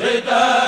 seytaan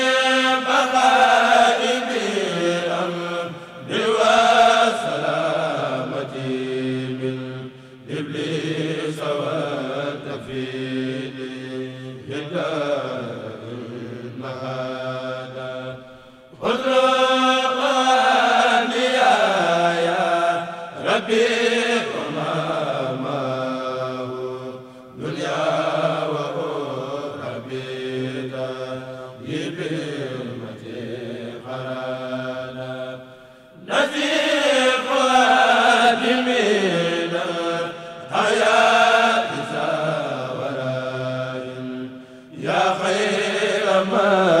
yaa xayra ma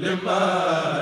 lima